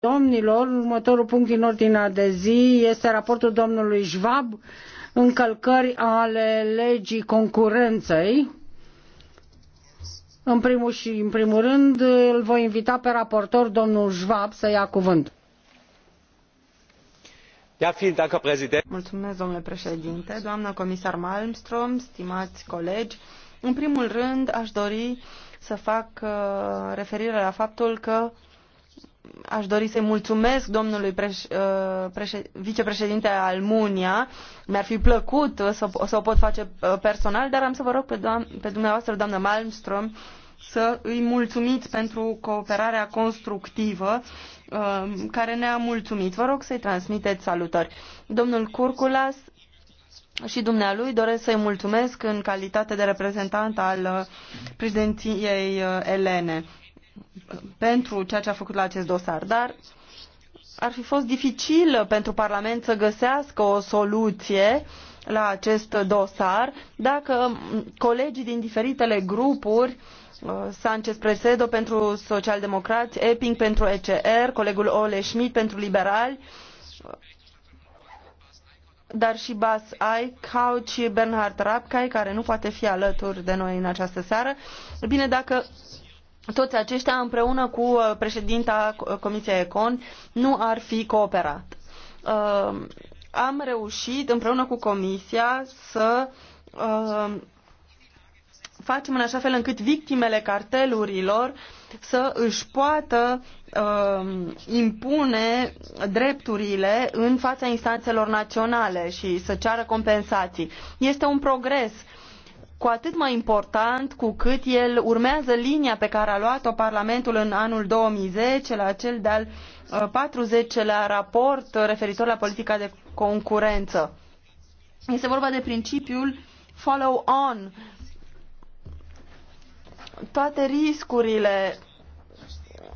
Domnilor, următorul punct din ordinea de zi este raportul domnului Schwab, încălcări ale legii concurenței. În primul și în primul rând îl voi invita pe raportor domnul Schwab să ia cuvânt. Mulțumesc, domnule președinte, doamnă comisar Malmström, stimați colegi. În primul rând, aș dori să fac uh, referire la faptul că aș dori să-i mulțumesc domnului preș, uh, vicepreședinte Almunia. Mi-ar fi plăcut să, să o pot face uh, personal, dar am să vă rog pe, doam- pe dumneavoastră, doamnă Malmström, să îi mulțumiți pentru cooperarea constructivă uh, care ne-a mulțumit. Vă rog să-i transmiteți salutări. Domnul Curculas și dumnealui doresc să-i mulțumesc în calitate de reprezentant al președinției Elene pentru ceea ce a făcut la acest dosar, dar ar fi fost dificil pentru Parlament să găsească o soluție la acest dosar dacă colegii din diferitele grupuri uh, Sanchez Presedo pentru socialdemocrați, Epping pentru ECR, colegul Ole Schmidt pentru liberali, uh, dar și Bas Eichhout și Bernhard Rapkay, care nu poate fi alături de noi în această seară. Bine, dacă toți aceștia împreună cu uh, președinta uh, Comisiei Econ nu ar fi cooperat. Uh, am reușit împreună cu Comisia să facem în așa fel încât victimele cartelurilor să își poată uh, impune drepturile în fața instanțelor naționale și să ceară compensații. Este un progres uh, cu atât mai important cu cât el urmează linia pe care a luat-o Parlamentul în anul 2010 la cel de-al 40-lea uh, raport referitor la politica de concurență. Este vorba de principiul follow on. Toate riscurile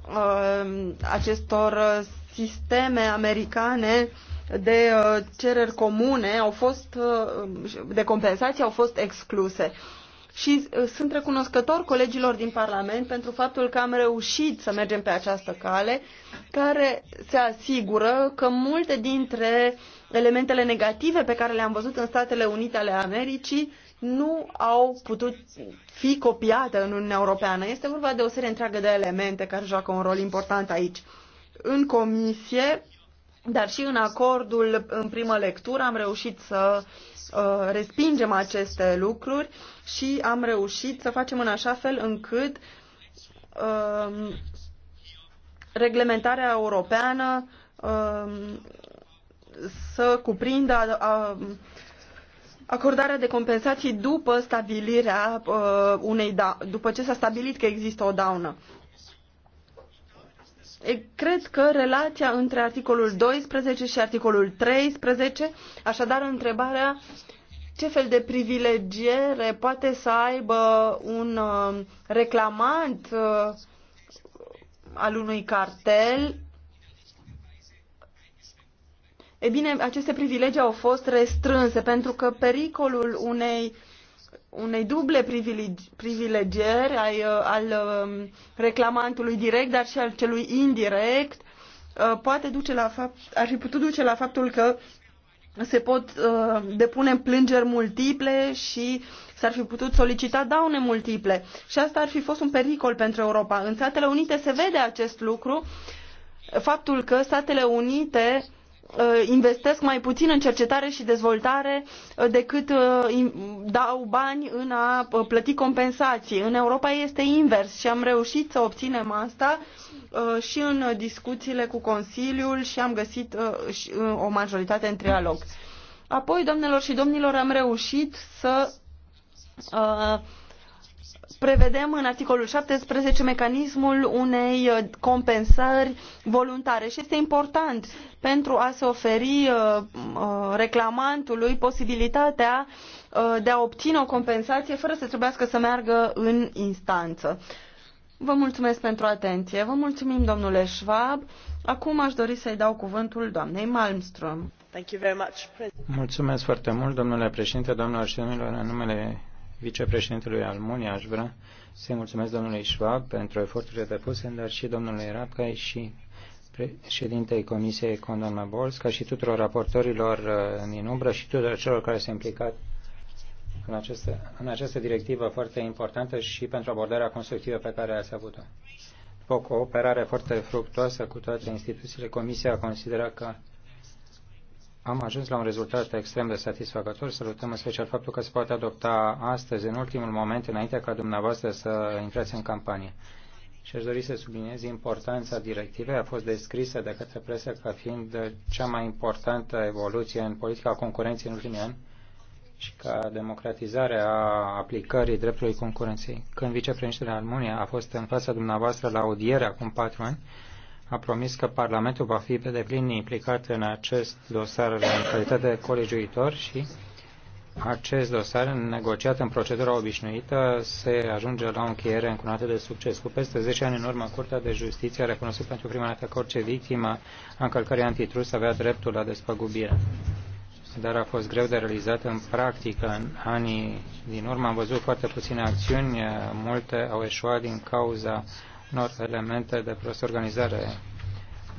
uh, acestor uh, sisteme americane uh, de uh, cereri comune au fost, uh, de compensații au fost excluse. Și uh, sunt recunoscător colegilor din Parlament pentru faptul că am reușit să mergem pe această cale, care se asigură că multe dintre elementele negative pe care le-am văzut în Statele Unite ale Americii nu au putut fi copiate în Uniunea Europeană. Este vorba de o serie întreagă de elemente care joacă un rol important aici. În comisie dar și în acordul în primă lectură am reușit să uh, respingem aceste lucruri și am reușit să facem în așa fel încât um, reglementarea europeană um, să cuprindă uh, acordarea de compensații după stabilirea uh, unei da după ce s-a stabilit că există o daună. Cred că relația între articolul 12 și articolul 13, așadar întrebarea ce fel de privilegiere poate să aibă un uh, reclamant uh, al unui cartel. E bine, aceste privilegii au fost restrânse pentru că pericolul unei uh, unei duble privilegieri uh, al um, reclamantului direct, dar și al celui indirect, uh, poate duce la fapt, ar fi putut duce la faptul că se pot uh, depune plângeri multiple și s-ar fi putut solicita daune multiple. Și asta ar fi fost un pericol pentru Europa. În Statele Unite se vede acest lucru, faptul că Statele Unite uh, Uh, investesc mai puțin în cercetare și dezvoltare uh, decât uh, dau bani în a plăti compensații. În Europa este invers și am reușit să obținem asta și în discuțiile cu Consiliul și am găsit o majoritate în trialog. Apoi, domnilor și domnilor, am reușit să prevedem în articolul 17 mecanismul unei uh, compensări voluntare și este important pentru a se oferi uh, uh, reclamantului posibilitatea de a obține o compensație fără să trebuiască să meargă în instanță. Vă mulțumesc pentru atenție. Vă mulțumim, domnule Schwab. Acum aș dori să-i dau cuvântul doamnei Malmström. Mulțumesc foarte mult, domnule președinte, domnilor și domnilor, în numele vicepreședintelui Almunia, aș vrea să-i mulțumesc domnului Schwab pentru eforturile depuse, dar și domnului Rapcai și președintei Comisiei Condon ca și tuturor raportorilor uh, din umbră și tuturor celor care s-au implicat în această, în această directivă foarte importantă și pentru abordarea constructivă pe care ați avut-o. După o cooperare foarte fructoasă cu toate instituțiile, Comisia consideră că am ajuns la un rezultat extrem de satisfăcător. Salutăm în special faptul că se poate adopta astăzi, în ultimul moment, înainte ca dumneavoastră să intrați în campanie. Și aș dori să subliniez importanța directivei. A fost descrisă de către presă ca fiind cea mai importantă evoluție în politica concurenței în ultimii ani și ca democratizare a aplicării dreptului concurenței. Când vicepreședintele Almunia a fost în fața dumneavoastră la audiere acum patru ani, a promis că Parlamentul va fi pe deplin implicat în acest dosar în calitate de colegiuitor și acest dosar, negociat în procedura obișnuită, se ajunge la o încheiere încunată de succes. Cu peste 10 ani în urmă, Curtea de Justiție a recunoscut pentru prima dată că orice victimă a încălcării antitrust avea dreptul la despăgubire. Dar a fost greu de realizat în practică. În anii din urmă am văzut foarte puține acțiuni, multe au eșuat din cauza unor elemente de prost organizare.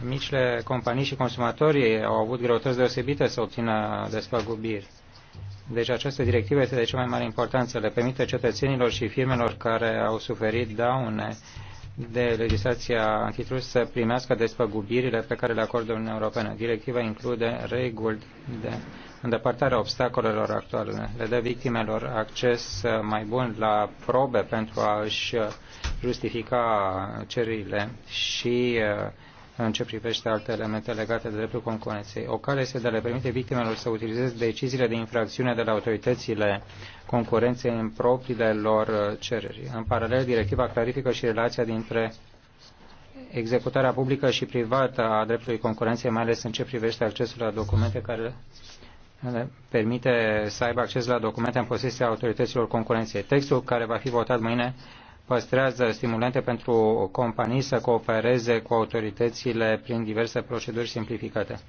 Micile companii și consumatorii au avut greutăți deosebite să obțină despăgubiri. Deci această directivă este de cea mai mare importanță. Le permite cetățenilor și firmelor care au suferit daune de legislația antitrust să primească despăgubirile pe care le acordă Uniunea Europeană. Directiva include reguli de îndepărtarea obstacolelor actuale. Le dă victimelor acces mai bun la probe pentru a-și justifica cererile și uh, în ce privește alte elemente legate de dreptul concurenței. O cale este de a le permite victimelor să utilizeze deciziile de infracțiune de la autoritățile concurenței în propriile lor uh, cereri. În paralel, directiva clarifică și relația dintre executarea publică și privată a dreptului concurenței, mai ales în ce privește accesul la documente care permite să aibă acces la documente în posesia autorităților concurenței. Textul care va fi votat mâine păstrează stimulente pentru companii să coopereze cu autoritățile prin diverse proceduri simplificate.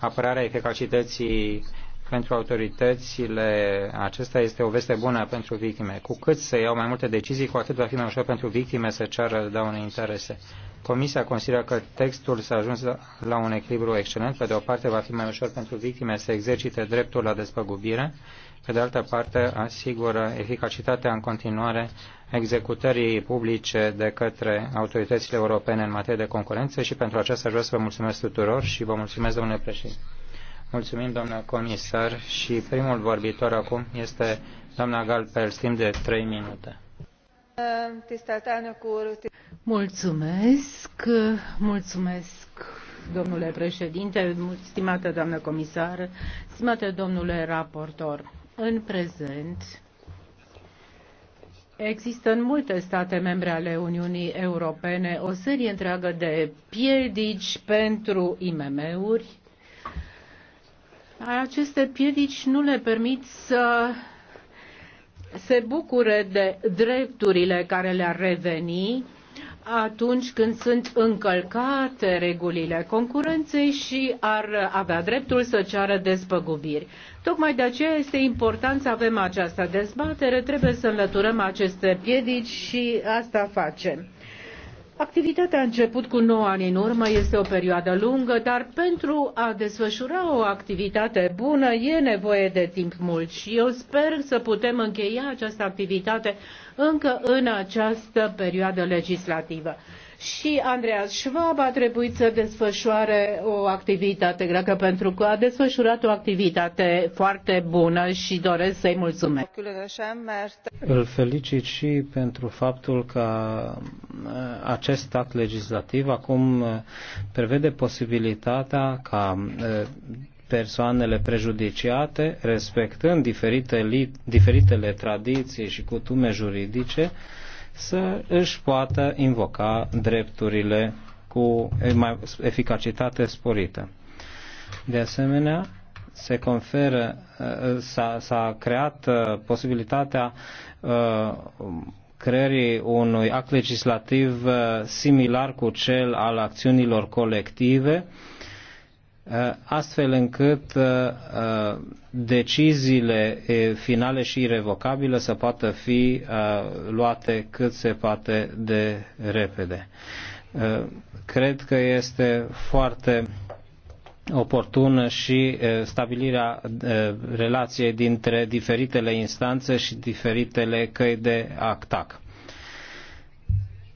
Apărarea eficacității pentru autoritățile acesta este o veste bună pentru victime. Cu cât se iau mai multe decizii, cu atât va fi mai ușor pentru victime să ceară daune interese. Comisia consideră că textul s-a ajuns la un echilibru excelent. Pe de o parte, va fi mai ușor pentru victime să exercite dreptul la despăgubire, pe de altă parte, asigură eficacitatea în continuare executării publice de către autoritățile europene în materie de concurență și pentru aceasta vreau să vă mulțumesc tuturor și vă mulțumesc, domnule președinte. Mulțumim, doamnă comisar, și primul vorbitor acum este doamna Galper, timp de 3 minute. Mulțumesc, mulțumesc domnule președinte, stimată doamnă comisar, stimate domnule raportor. În prezent există în multe state membre ale Uniunii Europene o serie întreagă de piedici pentru IMM-uri. Aceste piedici nu le permit să se bucure de drepturile care le-ar reveni atunci când sunt încălcate regulile concurenței și ar avea dreptul să ceară despăgubiri. Tocmai de aceea este important să avem această dezbatere, trebuie să înlăturăm aceste piedici și asta facem. Activitatea a început cu 9 ani în urmă, este o perioadă lungă, dar pentru a desfășura o activitate bună e nevoie de timp mult și eu sper să putem încheia această activitate încă în această perioadă legislativă și Andreas Schwab a trebuit să desfășoare o activitate greacă pentru că a desfășurat o activitate foarte bună și doresc să-i mulțumesc. Îl felicit și pentru faptul că uh, acest act legislativ acum uh, prevede posibilitatea ca uh, persoanele prejudiciate, respectând diferitele tradiții și cutume juridice, să își poată invoca drepturile cu eficacitate sporită. De asemenea, se conferă, uh, s-a, creat uh, posibilitatea uh, creării unui act legislativ similar cu cel al acțiunilor colective, Uh, astfel încât uh, uh, deciziile finale și irrevocabile să poată fi luate cât se poate de repede. Cred că este foarte oportună și stabilirea relației dintre diferitele instanțe și diferitele căi de actac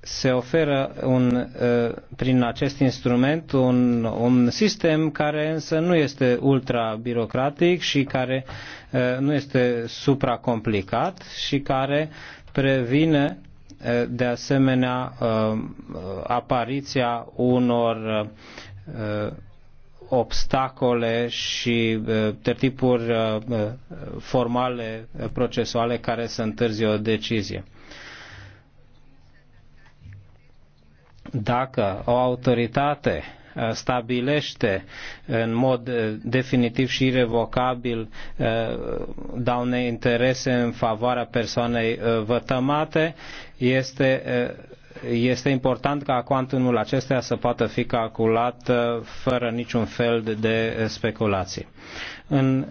se oferă un, uh, prin acest instrument un, un sistem care însă nu este ultra-birocratic și care uh, nu este supracomplicat și care previne uh, de asemenea apariția unor obstacole și tertipuri formale procesuale care să întârzie o decizie. dacă o autoritate uh, stabilește în mod uh, definitiv și irrevocabil uh, daune interese în favoarea persoanei vătămate, este, este important ca cuantumul acestea să poată fi calculat fără niciun fel de speculații. În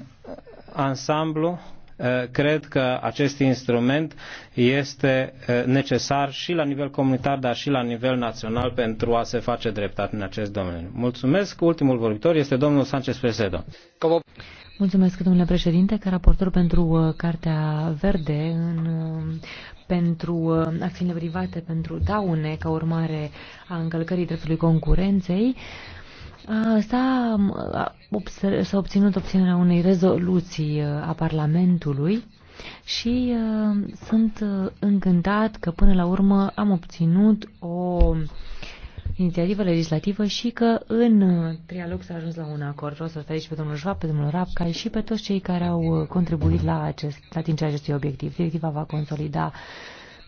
ansamblu, Eh, cred că acest instrument este eh, necesar și la nivel comunitar, dar și la nivel național pentru a se face dreptate în acest domeniu. Mulțumesc. Ultimul vorbitor este domnul Sanchez Presedo. Mulțumesc, domnule președinte, ca raportor pentru eh, Cartea Verde în pentru acțiunile private, pentru daune ca urmare a încălcării dreptului concurenței. S-a, s-a obținut obținerea unei rezoluții a Parlamentului și sunt încântat că până la urmă am obținut o inițiativă legislativă și că în trialog s-a ajuns la un acord. Vreau să-l felicit pe domnul Joab, pe domnul Rapca și pe toți cei care au contribuit la, acest, la atingerea acestui obiectiv. Directiva va consolida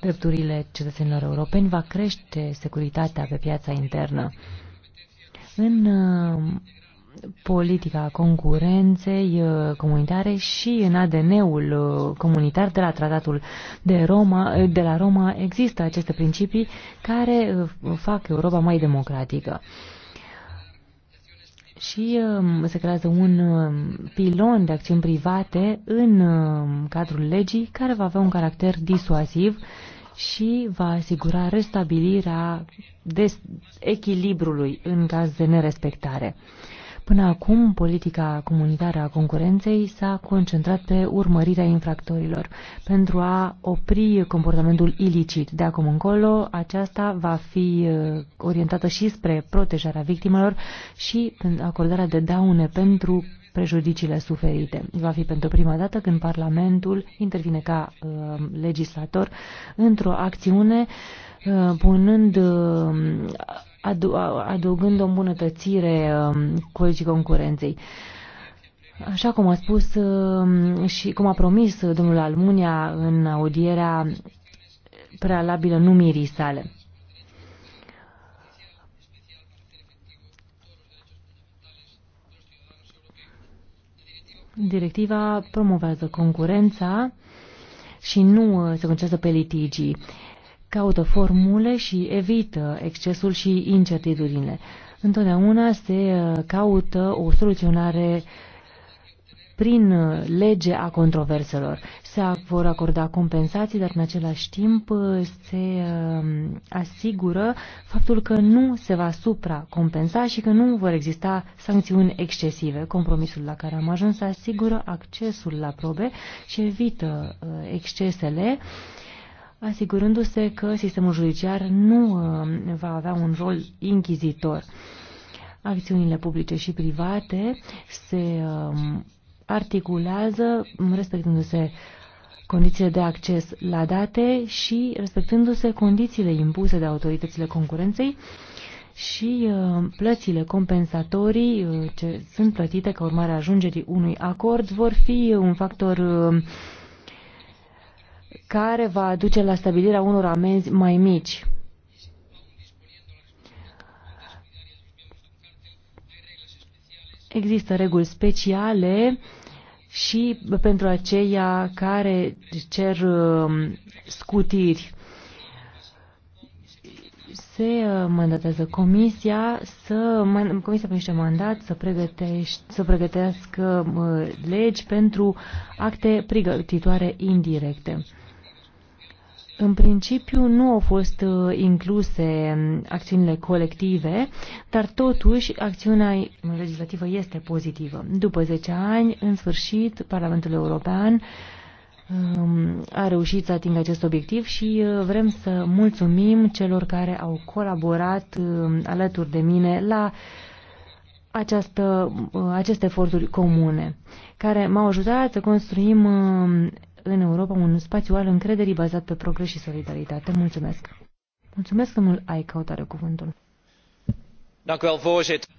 drepturile cetățenilor europeni, va crește securitatea pe piața internă în uh, politica concurenței uh, comunitare și în ADN-ul uh, comunitar de la tratatul de, Roma, de la Roma există aceste principii care fac Europa mai democratică. Și um, se creează un um, pilon de acțiuni private în um, cadrul legii care va avea un caracter disuasiv și va asigura restabilirea echilibrului în caz de nerespectare. Până acum, politica comunitară a concurenței s-a concentrat pe urmărirea infractorilor pentru a opri comportamentul ilicit. De acum încolo, aceasta va fi uh, orientată și spre protejarea victimelor și acordarea de daune pentru prejudiciile suferite. Va fi pentru prima dată când Parlamentul intervine ca uh, legislator într-o acțiune uh, punând uh, adăugând o îmbunătățire um, colegii concurenței. Așa cum a spus um, și cum a promis domnul Almunia în audierea prealabilă numirii sale. Directiva promovează concurența și nu uh, se concentrează pe litigii. Caută formule și evită excesul și incertitudinile. Întotdeauna se uh, caută o soluționare prin uh, lege a controverselor se vor acorda compensații, dar în același timp uh, se um, asigură faptul că nu se va supracompensa și că nu vor exista sancțiuni excesive. Compromisul la care am ajuns asigură accesul la probe și evită uh, excesele asigurându-se că sistemul judiciar nu um, va avea un rol inchizitor. Acțiunile publice și private se um, articulează respectându-se condițiile de acces la date și respectându-se condițiile impuse de autoritățile concurenței și uh, plățile compensatorii uh, ce sunt plătite ca urmare a ajungerii unui acord vor fi uh, un factor care va duce la stabilirea unor amenzi mai mici. Există reguli speciale și pentru aceia care cer um, scutiri. Se uh, mandatează comisia să comisia primește mandat să, pregătești, să pregătească uh, legi pentru acte pregătitoare indirecte. În principiu nu au fost uh, incluse um, acțiunile colective, dar totuși acțiunea legislativă este pozitivă. După 10 ani, în sfârșit, Parlamentul European um, a reușit să atingă acest obiectiv și uh, vrem să mulțumim celor care au colaborat um, alături de mine la această, uh, aceste eforturi comune, care m-au ajutat să construim în Europa un spațiu al încrederii bazat pe progres și solidaritate. Mulțumesc! Mulțumesc, domnul Aicaut are cuvântul.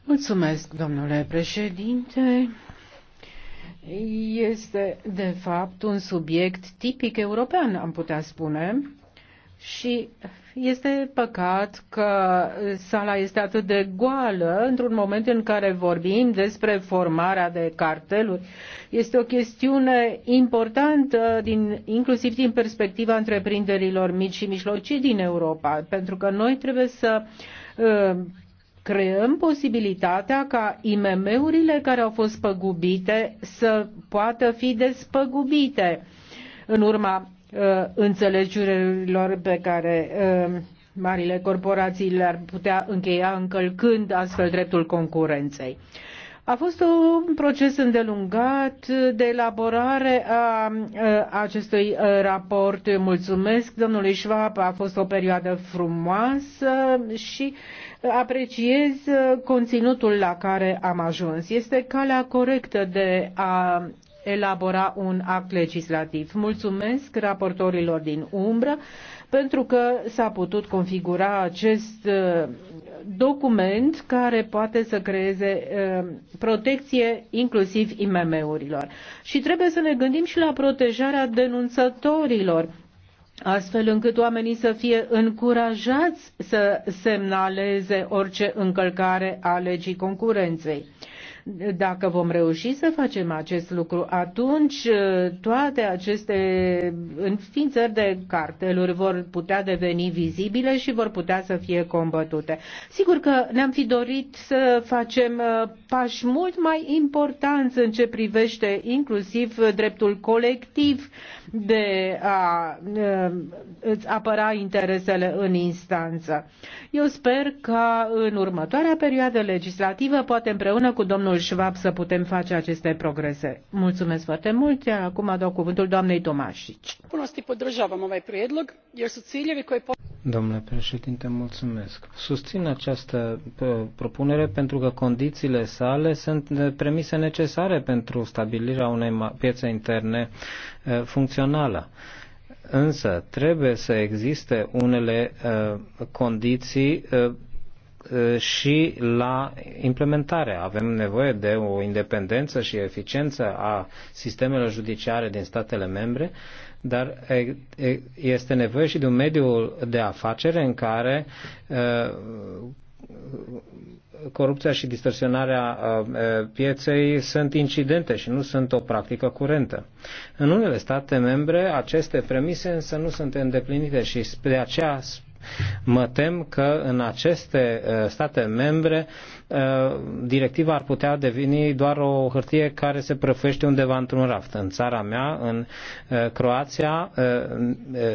Mulțumesc, domnule președinte. Este, de fapt, un subiect tipic european, am putea spune și este păcat că sala este atât de goală într-un moment în care vorbim despre formarea de carteluri. Este o chestiune importantă, din, inclusiv din perspectiva întreprinderilor mici și mijlocii din Europa, pentru că noi trebuie să ă, creăm posibilitatea ca IMM-urile care au fost păgubite să poată fi despăgubite în urma Uh, înțelegerilor pe care uh, marile corporații le-ar putea încheia încălcând astfel dreptul concurenței. A fost un proces îndelungat de elaborare a uh, acestui raport. Mulțumesc domnului Schwab, a fost o perioadă frumoasă și apreciez conținutul la care am ajuns. Este calea corectă de a elabora un act legislativ. Mulțumesc raportorilor din umbră pentru că s-a putut configura acest uh, document care poate să creeze uh, protecție inclusiv IMM-urilor. Și trebuie să ne gândim și la protejarea denunțătorilor astfel încât oamenii să fie încurajați să semnaleze orice încălcare a legii concurenței. Dacă vom reuși să facem acest lucru, atunci uh, toate aceste înființări de carteluri vor putea deveni vizibile și vor putea să fie combătute. Sigur că ne-am fi dorit să facem uh, pași mult mai importanți în ce privește inclusiv dreptul colectiv de a uh, îți apăra interesele în instanță. Eu sper că în următoarea perioadă legislativă, poate împreună cu domnul domnul Schwab să putem face aceste progrese. Mulțumesc foarte mult. Iar acum dau cuvântul doamnei Tomașici. Domnule președinte, mulțumesc. Susțin această propunere pentru că condițiile sale sunt premise necesare pentru stabilirea unei piețe interne funcțională. Însă trebuie să existe unele uh, condiții uh, și la implementare. Avem nevoie de o independență și eficiență a sistemelor judiciare din statele membre, dar este nevoie și de un mediu de afacere în care corupția și distorsionarea pieței sunt incidente și nu sunt o practică curentă. În unele state membre, aceste premise însă nu sunt îndeplinite și de aceea Mă tem că în aceste uh, state membre uh, directiva ar putea deveni doar o hârtie care se prăfește undeva într-un raft. În țara mea, în uh, Croația,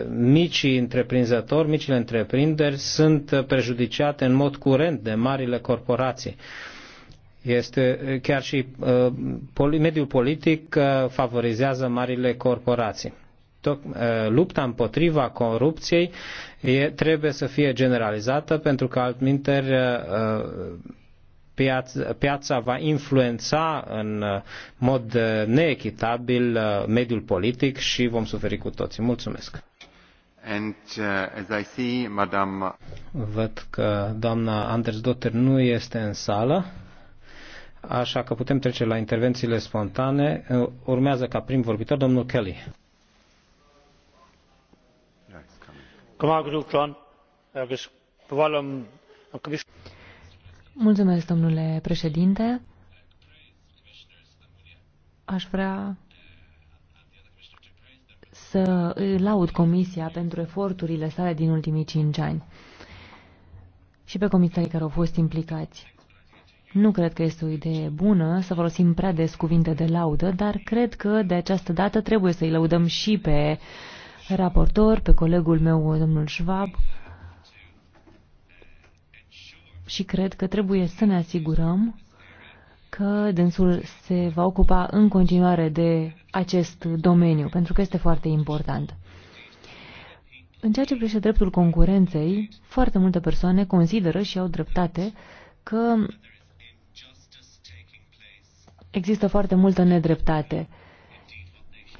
micii întreprinzători, micile întreprinderi sunt prejudiciate în mod curent de marile corporații este chiar și mediul politic favorizează marile corporații. Eh, lupta împotriva corupției trebuie să fie generalizată pentru că altminteri eh, eh, piața va influența în mod neechitabil mediul politic și vom suferi cu toții. Mulțumesc! And, uh, as I see, Madame... Văd că doamna Anders Dotter nu este în sală, așa că putem trece la intervențiile spontane. Urmează ca prim vorbitor domnul Kelly. Mulțumesc, domnule președinte. Aș vrea să îi laud Comisia pentru eforturile sale din ultimii cinci ani și pe comisarii care au fost implicați. Nu cred că este o idee bună să folosim prea des cuvinte de laudă, dar cred că de această dată trebuie să-i lăudăm și pe uh, raportor, pe colegul meu, domnul Schwab, și cred că trebuie să ne asigurăm că dânsul se va ocupa în continuare de acest domeniu, pentru că este foarte important. În ceea ce privește dreptul concurenței, foarte multe persoane consideră și au dreptate că există foarte multă nedreptate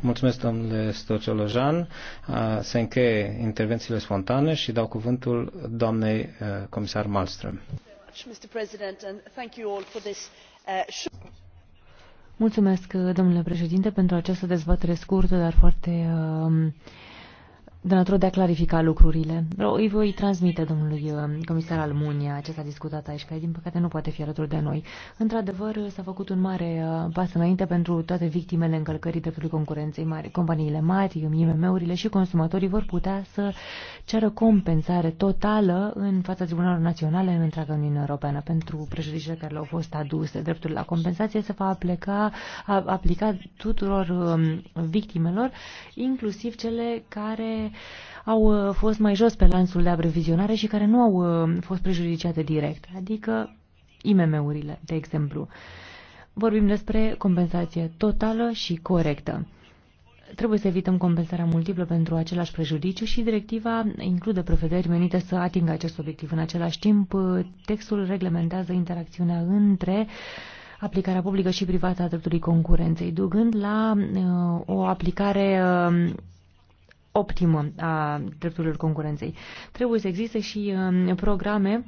Mulțumesc, domnule Stociolojan. Se încheie intervențiile spontane și dau cuvântul doamnei comisar Malmström. Uh, Mulțumesc, domnule președinte, pentru această dezbatere scurtă, dar foarte uh, de natură de a clarifica lucrurile. Îi voi transmite domnului uh, comisar Almunia ce s-a discutat aici, care din păcate nu poate fi alături de noi. Într-adevăr, s-a făcut un mare uh, pas înainte pentru toate victimele încălcării dreptului concurenței mari. Companiile mari, IMM-urile și consumatorii vor putea să ceară compensare totală în fața tribunalului naționale în întreaga Uniune Europeană pentru prejudiciile care le-au fost aduse. Dreptul la compensație se va aplica, aplica tuturor um, victimelor, inclusiv cele care au uh, fost mai jos pe lanțul de aprovizionare și care nu au uh, fost prejudiciate direct, adică IMM-urile, de exemplu. Vorbim despre compensație totală și corectă. Trebuie să evităm compensarea multiplă pentru același prejudiciu și directiva include prevederi menite să atingă acest obiectiv. În același timp, uh, textul reglementează interacțiunea între aplicarea publică și privată a dreptului concurenței, ducând la uh, o aplicare uh, optimă a drepturilor concurenței. Trebuie să existe și um, programe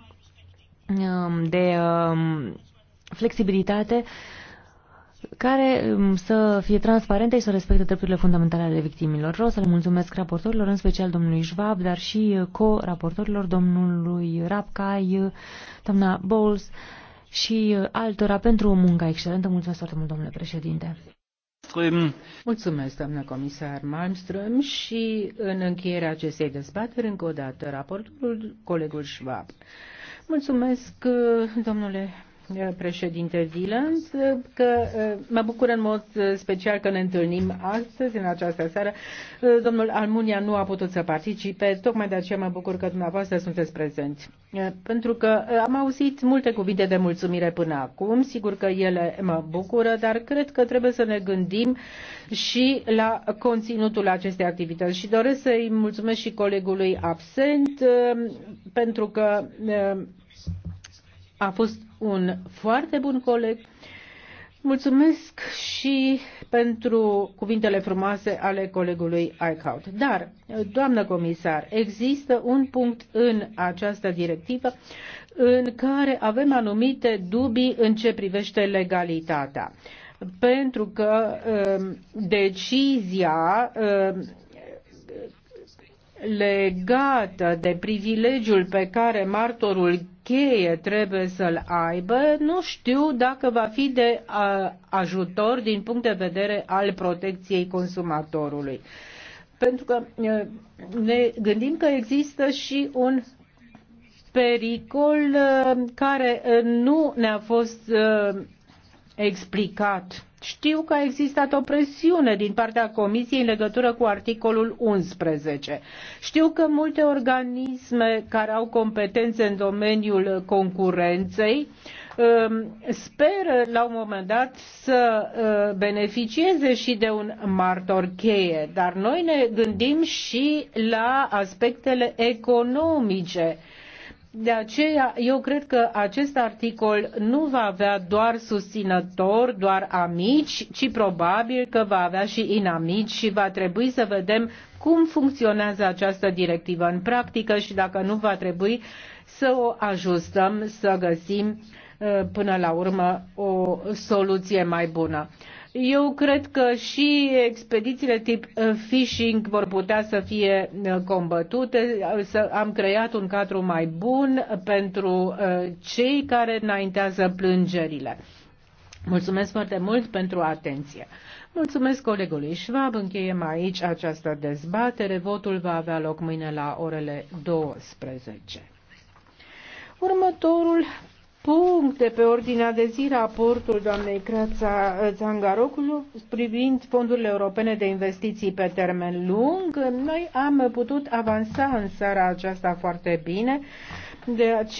um, de um, flexibilitate care să fie transparente și să respecte drepturile fundamentale ale victimilor. Vreau să le mulțumesc raportorilor, în special domnului Schwab, dar și co-raportorilor, domnului Rapcai, doamna Bowles și altora pentru o muncă excelentă. Mulțumesc foarte mult, domnule președinte. Malmström. Mulțumesc, doamnă comisar Malmström. Și în încheierea acestei dezbateri, încă o dată, raportul colegul Schwab. Mulțumesc, domnule președinte Wieland, că mă bucur în mod special că ne întâlnim astăzi, în această seară. Domnul Almunia nu a putut să participe, tocmai de aceea mă bucur că dumneavoastră sunteți prezenți. Pentru că am auzit multe cuvinte de mulțumire până acum, sigur că ele mă bucură, dar cred că trebuie să ne gândim și la conținutul acestei activități. Și doresc să-i mulțumesc și colegului absent, pentru că a fost un foarte bun coleg. Mulțumesc și pentru cuvintele frumoase ale colegului Eichhout. Dar, doamnă comisar, există un punct în această directivă în care avem anumite dubii în ce privește legalitatea. Pentru că um, decizia um, legată de privilegiul pe care martorul cheie trebuie să-l aibă, nu știu dacă va fi de ajutor din punct de vedere al protecției consumatorului. Pentru că ne gândim că există și un pericol care nu ne-a fost explicat. Știu că a existat o presiune din partea Comisiei în legătură cu articolul 11. Știu că multe organisme care au competențe în domeniul concurenței um, speră la un moment dat să uh, beneficieze și de un martor cheie, dar noi ne gândim și la aspectele economice de aceea, eu cred că acest articol nu va avea doar susținători, doar amici, ci probabil că va avea și inamici și va trebui să vedem cum funcționează această directivă în practică și dacă nu va trebui să o ajustăm, să găsim uh, până la urmă o soluție mai bună. Eu cred că și expedițiile tip uh, phishing vor putea să fie uh, combătute. Uh, să am creat un cadru mai bun pentru cei care înaintează plângerile. Mulțumesc foarte mult pentru atenție. Mulțumesc colegului Schwab. Încheiem aici această dezbatere. Votul va avea loc mâine la orele 12. Următorul Puncte pe ordinea de zi raportul doamnei Crața Zangaroculu eh, privind fondurile europene de investiții pe termen lung. Noi am putut avansa în seara aceasta foarte bine. De aceea